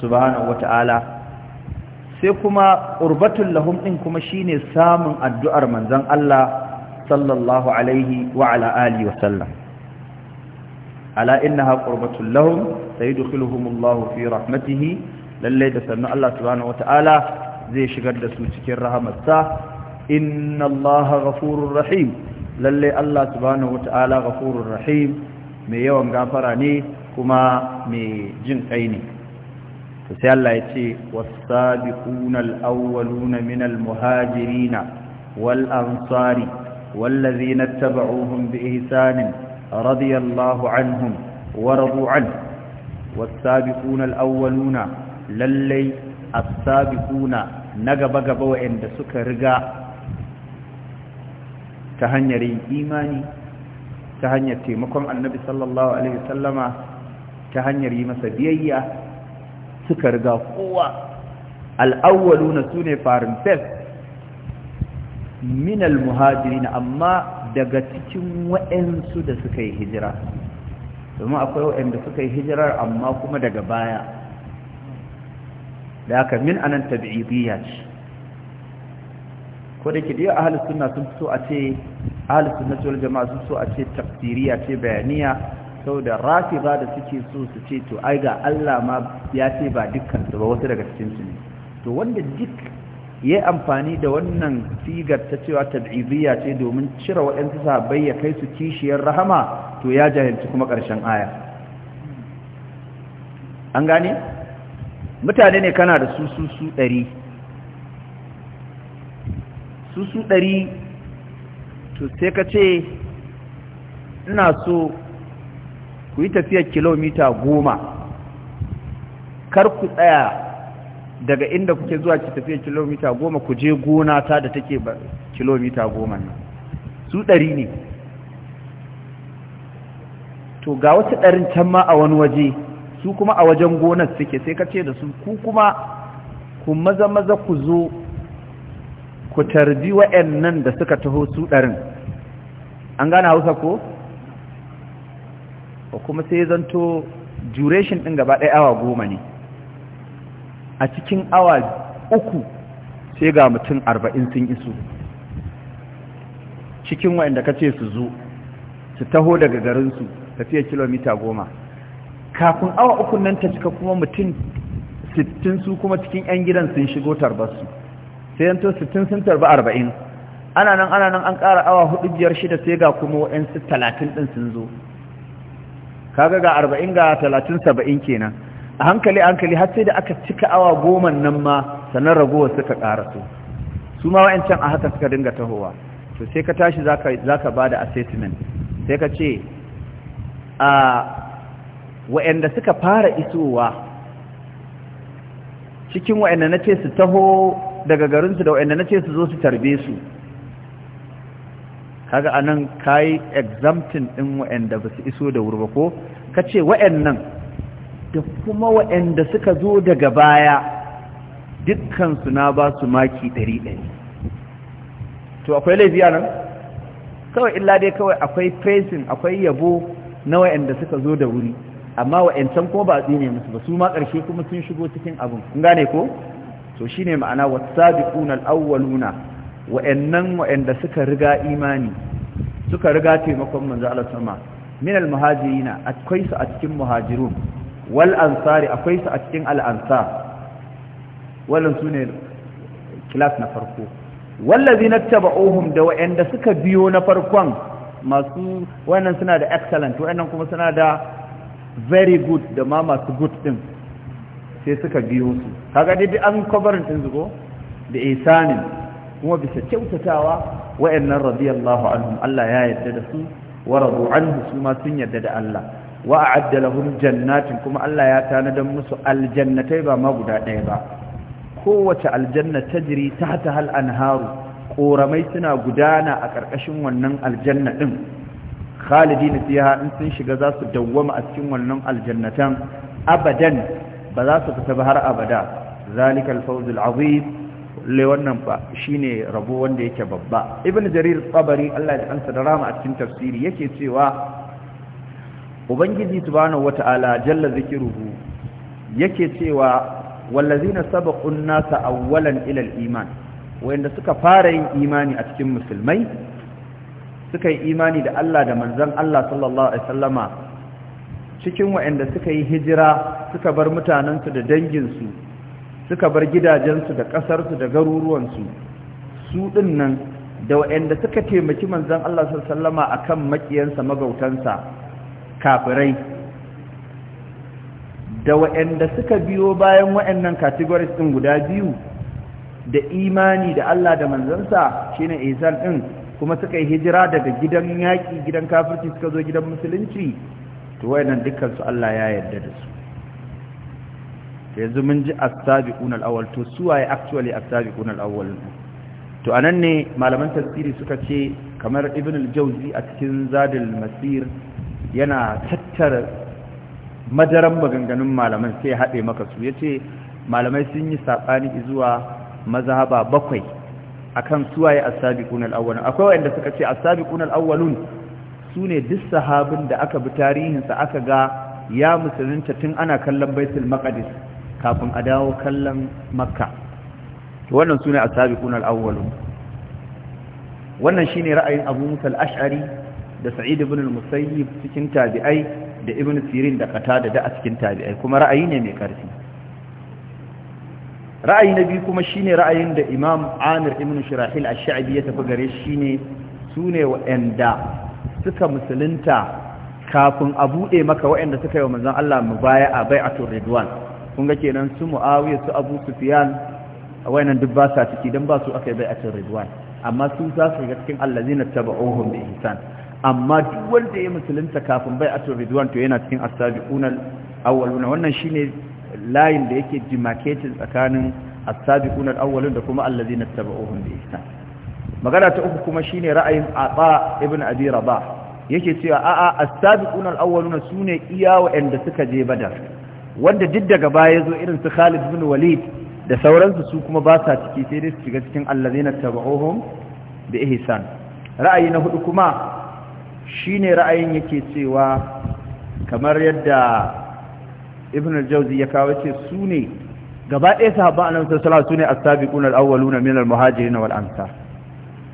subhanahu wataala sai kuma qurbatul lahum din kuma shine samun addu'ar manzon Allah sallallahu alaihi wa ala alihi wa sallam ala innaha qurbatul lahum sayudkhiluhumullahu fi rahmatihi lallai da sannu Allah subhanahu wata'ala zai shigar da su cikin rahamarsa inna allaha ghafurur rahim lalle Allah subhanahu wata'ala ghafurur rahim mai yawan gafara ne kuma mai jin kai ne to sai Allah ya ce was-sabiquna al-awwaluna minal muhajirina wal ansari والذين اتبعوهم بإحسان رضي الله عنهم ورضوا عنه والسابقون الأولون للي السابقون نقبقب وإن دسك رقا تهنيري إيماني تهنير تيمكم النبي صلى الله عليه وسلم تهنيري مسبيئة سكر قوة الأولون سوني فارنسيس minal na amma daga cikin waɗansu da suka yi hijira domin akwai waɗanda suka yi hijirar amma kuma daga baya da haka min anan tabi'idiyya ce ko da ke da ahalus suna sun so a ce ahalus sunnati wal jama'a sun so a ce tafsiriya ce bayaniya sau da rafi ba da suke so su ce to ai ga Allah ma ya ce ba dukkan su ba wasu daga cikin su ne to wanda duk ya amfani da wannan sigar ta cewa tab'iziyya ce domin cire waɗansu sabai ya kai su kishiyar rahama to ya jahilci kuma ƙarshen aya an gane mutane ne kana da su su su ɗari su su ɗari to sai ka ce ina so ku yi tafiyar kilomita goma kar ku tsaya daga inda kuke zuwa ki tafiya kilomita goma ku je gona ta da take kilomita goma nan su ɗari ne to ga wata ɗarin can ma a wani waje su kuma a wajen gonar suke sai ka ce da su ku kuma ku maza maza ku zo ku tarbi wa'annan da suka taho su ɗarin an gane hausa ko? kuma sai zanto duration ɗin gaba ɗaya awa goma ne a cikin awa uku sai ga mutum arba'in sun iso cikin waɗanda ka ce su zo su taho daga garinsu tafiya kilomita goma kafin awa uku nan ta cika kuma mutum sittin su kuma cikin 'yan gidan sun shigo tarbarsu sai yanto sittin sun tarba arba'in ana nan ana nan an ƙara awa hudu biyar shida sai ga kuma waɗansu talatin ɗin sun zo kaga ga arba'in ga talatin saba'in kenan a hankali hankali har sai da aka cika awa goma nan ma sannan ragowar suka ƙara su ma wa'ancan a haka suka dinga tahowa to sai ka tashi za ka ba da assessment sai ka ce a wa'anda suka fara isowa cikin wa'anda na ce su taho daga garinsu da wa'anda na ce su zo su tarbe su kaga anan kayi exempting din wa'anda ba su iso da wurba ko ka ce wa'annan da kuma waɗanda suka zo daga baya dukkansu na ba su maki ɗari ɗari to akwai laifi a nan kawai illa dai kawai akwai fesin, akwai yabo na waɗanda suka zo da wuri amma waɗancan kuma ba a tsine musu ba su ma ƙarshe kuma sun shigo cikin abin kun gane ko to shine ma'ana wasabiquna alawwaluna waɗannan waɗanda suka riga imani suka riga taimakon manzo Allah sama min al-muhajirina akwai su a cikin muhajirun wal ansari akwai su a cikin al ansar wannan sune class na farko wallazi tabauhum da wa'anda suka biyo na farkon masu wannan suna da excellent wannan kuma suna da very good da ma masu good din sai suka biyo su kaga dai an covering din zugo da isanin kuma bisa kyautatawa wayannan radiyallahu anhum Allah ya yarda da su wa radu su sun yarda da Allah wa a'adda lahum jannatin kuma Allah ya tanadan musu aljannatai ba ma guda ɗaya ba kowace aljanna ta hata hal anharu Ƙoramai suna gudana a ƙarƙashin wannan aljanna din khalidina fiha in sun shiga za su dawwama a cikin wannan aljannatan abadan ba za su fita ba har abada zalikal fawzul azim le wannan ba shine rabo wanda yake babba ibn jarir tabari Allah ya kansa da rama a cikin tafsiri yake cewa ubangiji subhanahu wata'ala jalla zikiruhu yake cewa wallazina sabaqun nasa awwalan ila al-iman wanda suka fara yin imani a cikin musulmai suka yi imani da Allah da manzon Allah sallallahu alaihi wasallama cikin wayanda suka yi hijira suka bar mutanensu da danginsu suka bar gidajensu da ƙasarsu da garuruwansu su ɗinnan, nan da wayanda suka taimaki manzon Allah sallallahu alaihi wasallama akan makiyansa magautansa kafirai da waɗanda suka biyo bayan waɗannan categories ɗin guda biyu da imani da Allah da manzansa shine isan ɗin kuma suka yi hijira daga gidan yaƙi gidan kafirci suka zo gidan musulunci to waɗannan dukkan su Allah ya yarda da su yanzu mun ji as-sabiqun al to su waye actually as-sabiqun al-awwal to anan ne malaman tafsiri suka ce kamar ibn al-jawzi a cikin zadul masir yana tattara madaran maganganun malaman sai haɗe maka su ya ce malamai sun yi saɓani zuwa mazhaba bakwai akan suwaye as-sabiqun al awwalun akwai wanda suka ce as-sabiqun al-awwalun sune duk sahabin da aka bi tarihinsa aka ga ya musulunta tun ana kallon Baitul Maqdis kafin a dawo kallon Makka to wannan sune as-sabiqun al-awwalun wannan shine ra'ayin Abu Musa ashari da sa'id ibn al-musayyib cikin tabi'ai da ibn sirin da qatada da a cikin tabi'ai kuma ra'ayi ne mai karfi ra'ayi na biyu kuma shine ra'ayin da imam amir ibn shirahil ash-sha'bi ya tafi gare shi ne sune wa'anda suka musulunta kafin a bude maka wa'anda suka yi wa manzon Allah mubaya'a bai'atul ridwan kun ga kenan su muawiya su abu sufyan wa'annan duk ba sa ciki dan ba su akai bai'atul ridwan amma su za su ga cikin allazina tabauhum bi ihsan amma duk wanda ya musulunta kafin bai ato ridwan to yana cikin as-sabiquna wannan shine layin da yake demarcating tsakanin as-sabiquna da kuma allazina tabauhum bi ihsan magana ta uku kuma shine ra'ayin Aba ibn Abi Rabah yake cewa a'a a sabiquna al sune iya inda suka je Badar wanda duk daga baya yazo irin su Khalid ibn Walid da sauransu su kuma ba sa ciki sai dai su shiga cikin allazina tabauhum bi ihsan ra'ayi na hudu kuma shi ne ra'ayin yake cewa kamar yadda ibn al-jawzi ya kawo ce su ne gaba ɗaya sahabba annabi sallallahu alaihi wasallam su ne as-sabiquna al-awwaluna min al-muhajirin wal ansar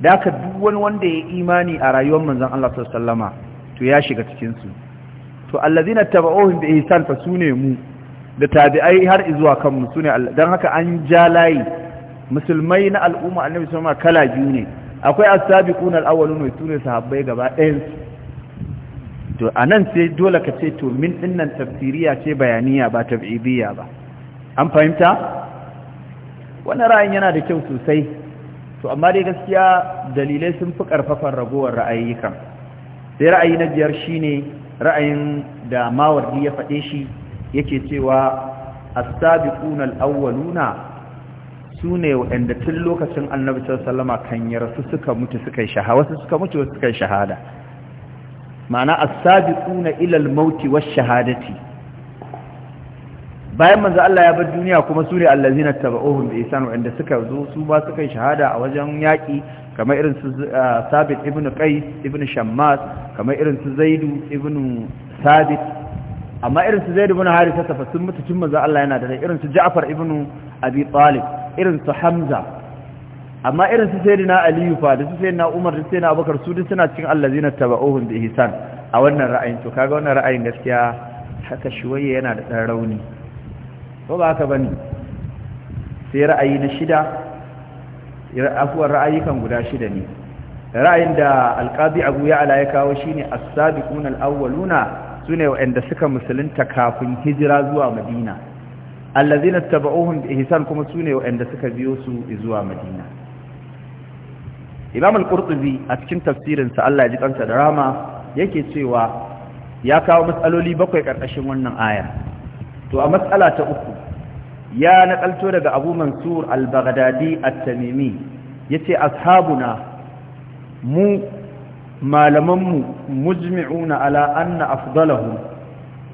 da ka duk wanda ya imani a rayuwar manzon Allah Sallama, to ya shiga cikin su to allazina tabauhum bi ihsan fa sune mu da tabi'ai har zuwa kan mu sune dan haka an ja layi musulmai na al'umma annabi Sallama alaihi kala biyu ne akwai asabi sabiqun al-awwalun sune sahabbai gaba ɗayan to anan sai dole ka ce to min dinnan tafsiriya ce bayaniya ba tab'idiyya ba an fahimta wannan ra'ayin yana da kyau sosai to amma dai gaskiya dalilai sun fi karfafan ragowar ra'ayikan sai ra'ayi na biyar shine ra'ayin da mawardi ya faɗe shi yake cewa asabi sabiqun awwaluna su ne waɗanda tun lokacin annabi sallama kan yarsu suka mutu suka yi shahada wasu suka mutu wasu suka yi shahada ma'ana asabi tsuna ilal mauti wasu shahadati bayan manzo Allah ya bar duniya kuma su ne allazina tabauhum bi ihsan waɗanda suka zo su ba suka yi shahada a wajen yaƙi kamar irin su ah, Sabit ibn Qais ibn Shammas kamar irin su Zaidu ibn Sabit amma irin su Zaid ibn Harisa fa sun mutu tun manzo Allah yana da irin su Ja'far ibn Abi Talib irin su hamza amma irin su sayyidina aliyu fa da su sayyidina umar da sayyidina abubakar su duk suna cikin allazina taba'uhum bi ihsan a wannan ra'ayin to kaga wannan ra'ayin gaskiya haka shuwaye yana da dan rauni ko ba haka bane sai ra'ayi na shida afuwar kan guda shida ne ra'ayin da alqadi abu ya'ala ya kawo shine as-sabiquna al-awwaluna sune wa'anda suka musulunta kafin hijira zuwa madina allazina tabauhum bi ihsan kuma sune wanda suka biyo su zuwa madina imam al-qurtubi a cikin tafsirin sa Allah ya ji kansa da rama yake cewa ya kawo matsaloli bakwai karkashin wannan aya to a matsala ta uku ya nakalto daga abu mansur al-baghdadi at-tamimi yace ashabuna mu malaman mu mujmi'una ala anna afdalahum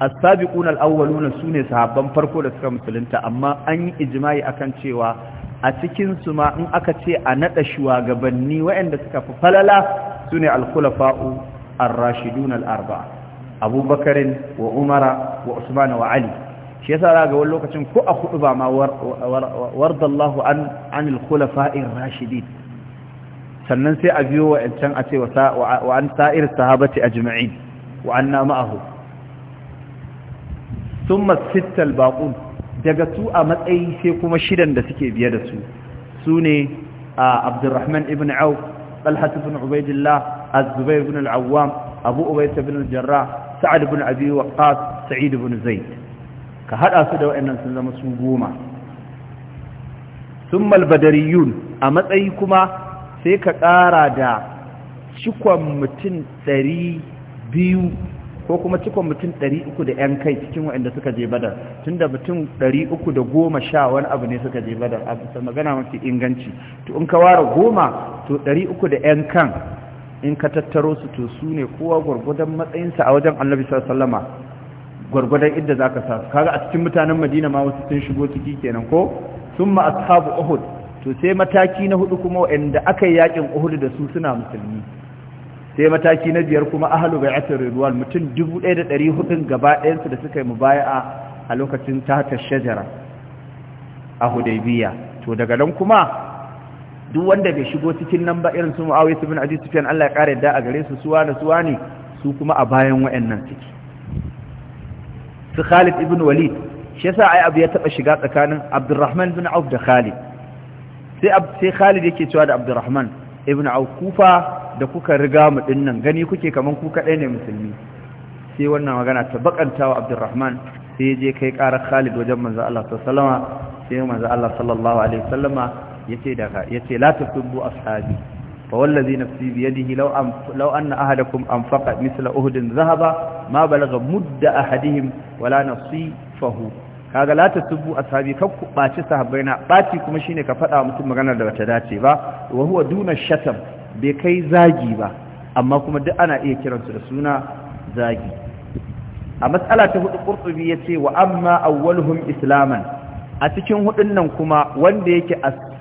as-sabiquna al-awwaluna sune sahabban farko da suka musulunta amma an yi ijma'i akan cewa a cikin su ma in aka ce a nada shugabanni waɗanda suka fi falala sune al-khulafa'u ar-rashidun al-arba'a Abubakar wa Umara wa Usman wa Ali shi yasa za ga wani lokacin ko a hudu ba ma wardallahu an anil khulafa'ir rashidin sannan sai a biyo wa'ancan a ce wa an sa'ir sahabati ajma'in wa anna ma'ahu sun masittal baƙun daga su a matsayi sai kuma shidan da suke biye da su su ne a abdurrahman ibn au ɗalhatu bin ubaidillah azubai bin al'awwam abu ubaita bin jarra sa'ad bin abi waqas sa'id bin zaid ka haɗa su da waɗannan sun zama su goma sun malbadariyun a matsayi kuma sai ka ƙara da cikon mutum ɗari biyu ko kuma cikon mutum 300 da 'yan kai cikin waɗanda suka je badar tun da mutum sha wani abu ne suka je badar a bisa magana mafi inganci to in ka ware goma to 300 da 'yan kan in ka tattaro su to su ne kowa gwargwadon matsayinsa a wajen annabi sallama gwargwadon inda za ka sa kaga a cikin mutanen madina ma wasu sun shigo ciki kenan ko sun ma ashabu uhud to sai mataki na hudu kuma waɗanda aka yi yakin uhud da su suna musulmi sai mataki na biyar kuma ahalu atar ruwan mutum 1400 gaba ɗayan da suka yi baya a lokacin tahta shajara a hudaibiya to daga nan kuma duk wanda bai shigo cikin nan ba irin su bin ibn su sufyan Allah ya kare yadda a gare su suwa da suwa ne su kuma a bayan wa'annan ciki su Khalid ibn Walid shi yasa ai abu ya taɓa shiga tsakanin Abdurrahman bin Auf da Khalid sai sai Khalid yake cewa da Abdurrahman ibn Auf kufa da kuka riga mu dinnan gani kuke kaman ku kadai ne musulmi sai wannan magana ta bakantawa Abdurrahman sai je kai karar Khalid wajen manzo Allah sallallahu alaihi wasallama sai manzo Allah sallallahu alaihi wasallama yace daga yace la tasubbu ashabi fa wallazi nafsi bi yadihi law am law anna ahadakum anfaqa mithla uhudin dhahaba ma balagha mudda ahadihim wala nasifahu kaga la tasubbu ashabi kar ku baci sahabbaina baci kuma shine ka fada mutum magana da bata dace ba wa huwa duna shatam bai kai zagi ba amma kuma duk ana iya kiransu da suna zagi a matsala ta hudu qurtubi yace wa amma awwaluhum islaman a cikin hudun nan kuma wanda yake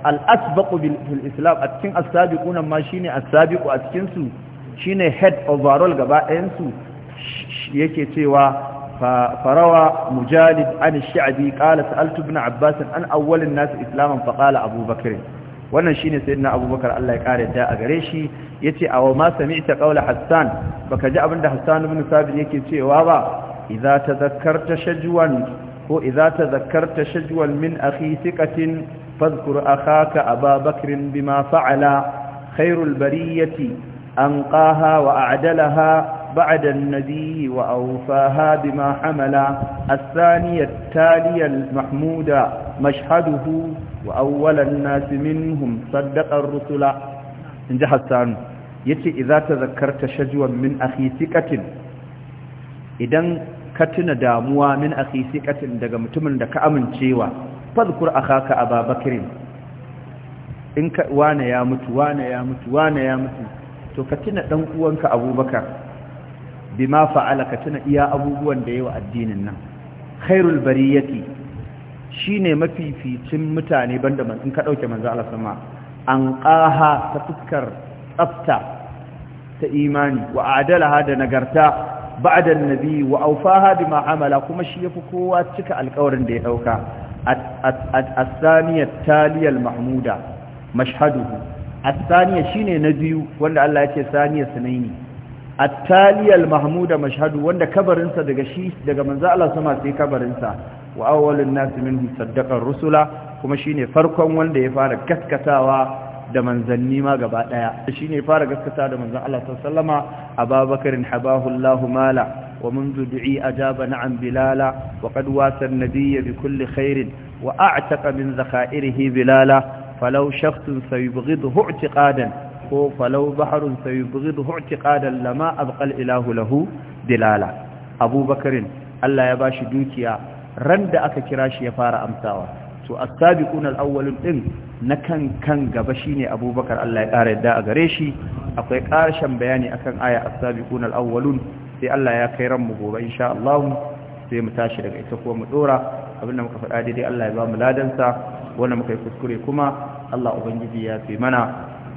al-asbaqu bil islam a cikin as-sabiquna ma shine asabiku a cikin su shine head overall gaba ɗayan su yake cewa farawa مجالد عن الشعبي قال sa'altu ابن عباس عن أول الناس islaman فقال أبو abubakar. wannan shine sayyidina abubakar Allah ya kare ta a gare shi yace aw ma sami'ta qawla hassan baka ji abinda hassan ibn sabit yake cewa ba idza tadhakkarta shajwan ko idza tadhakkarta shajwan min akhi thiqatin fadhkur akhaka ababakr bima fa'ala khairul bariyati anqaha wa a'dalaha ba'da an-nabi بعد النبي وأوفاها بما حمل الثانية التالية mahmuda mashhaduhu wa awwalan nasi minhum saddaqa ar-rusula inji hassan yace idza tazakkarta shajwan min akhi thiqatin idan ka tuna damuwa min akhi thiqatin daga mutumin da ka amincewa fadhkur akhaka ababakr in ka wane ya mutu wane ya mutu wane ya mutu to ka tuna dan uwanka abubakar bima fa'ala ka tuna iya abubuwan da yawa addinin nan khairul bariyati Shi shine mafificin mutane banda man in ka ɗauke manzo Allah sama an ƙaha ta fuskar tsafta ta imani wa adalaha da nagarta ba'da annabi wa awfaha bima amala kuma shi yafi kowa cika alƙawarin da ya ɗauka. A saniyat taliyal mahmuda mashhaduhu as-saniya shine na biyu wanda Allah ya ce saniya Sinaini. at-taliyal mahmuda mashadu wanda kabarinsa daga shi daga manzo Allah sama sai kabarinsa wa awwalun nasi minhu saddaqa rusula kuma shine farkon wanda ya fara gaskatawa da manzanni ma gaba daya shine fara gaskatawa da manzon Allah sallallahu alaihi wasallam Abubakar habahu Allah mala wa منذ du'i ajaba na'am bilala wa qad wasa an-nabiyya wa a'taqa min zakhairihi bilala falau shakhsun sayubghidhu i'tiqadan ko falau bahrun sayubghidhu i'tiqadan lama abqa al-ilahu lahu bilala Abubakar Allah ya bashi dukiya ran da aka kira shi ya fara amsawa to as-sabiqun al din na kan kan gaba shine abubakar Allah ya ƙara yadda a gare shi akwai ƙarshen bayani akan aya as-sabiqun awwalun sai Allah ya kai ran mu gobe insha Allah sai mu tashi daga ita kuma mu dora abinda muka faɗa daidai Allah ya ba mu ladansa wanda muka yi kuskure kuma Allah ubangiji ya fi mana